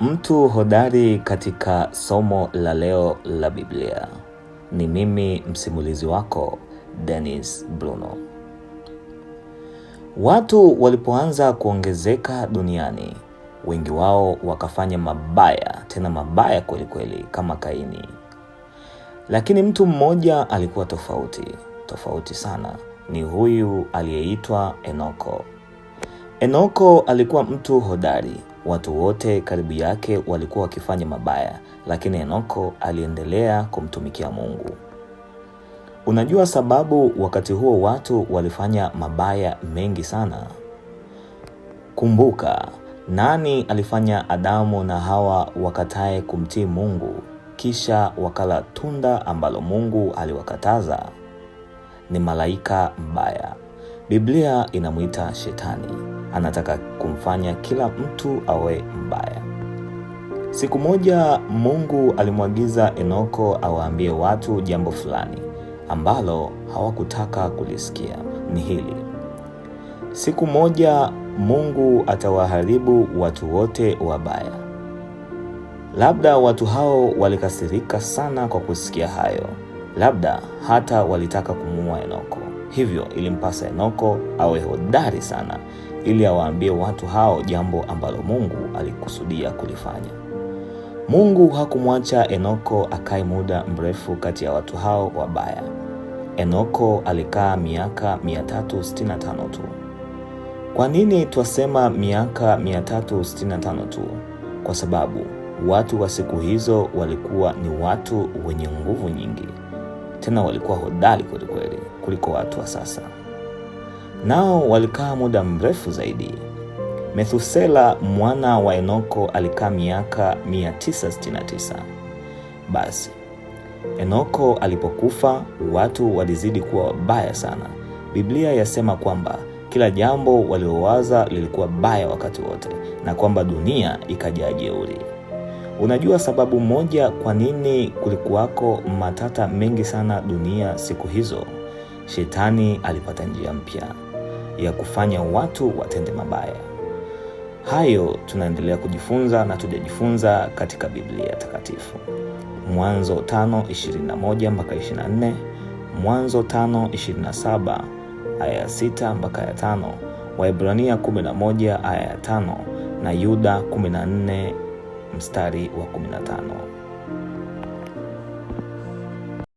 Mtu hodari katika somo la leo la Biblia ni mimi msimulizi wako denis Bruno. Watu walipoanza kuongezeka duniani, wengi wao wakafanya mabaya, tena mabaya kweli kweli kama Kaini. Lakini mtu mmoja alikuwa tofauti, tofauti sana, ni huyu aliyeitwa Enoko. Enoko alikuwa mtu hodari Watu wote karibu yake walikuwa wakifanya mabaya, lakini Enoko aliendelea kumtumikia Mungu. Unajua sababu wakati huo watu walifanya mabaya mengi sana? Kumbuka, nani alifanya Adamu na Hawa wakatae kumtii Mungu kisha wakala tunda ambalo Mungu aliwakataza? Ni malaika mbaya. Biblia inamwita Shetani anataka kumfanya kila mtu awe mbaya. Siku moja Mungu alimwagiza Enoko awaambie watu jambo fulani ambalo hawakutaka kulisikia. Ni hili: siku moja Mungu atawaharibu watu wote wabaya. Labda watu hao walikasirika sana kwa kusikia hayo, labda hata walitaka kumuua Enoko. Hivyo ilimpasa Enoko awe hodari sana ili awaambie watu hao jambo ambalo Mungu alikusudia kulifanya. Mungu hakumwacha Enoko akae muda mrefu kati ya watu hao wabaya. Enoko alikaa miaka 365 tu. Kwa nini twasema miaka 365 tu? Kwa sababu watu wa siku hizo walikuwa ni watu wenye nguvu nyingi tena walikuwa hodari kwelikweli kuliko watu wa sasa. Nao walikaa muda mrefu zaidi. Methusela mwana wa Enoko alikaa miaka 969. Basi Enoko alipokufa, watu walizidi kuwa wabaya sana. Biblia yasema kwamba kila jambo waliowaza lilikuwa baya wakati wote, na kwamba dunia ikajaa jeuri. Unajua sababu moja kwa nini kulikuwako matata mengi sana dunia siku hizo? Shetani alipata njia mpya ya kufanya watu watende mabaya. Hayo tunaendelea kujifunza na tujajifunza katika Biblia Takatifu, Mwanzo 5:21 mpaka 24, Mwanzo 5:27 aya ya 6 mpaka ya 5, Waebrania 11 aya ya 5 na Yuda 14 mstari wa 15.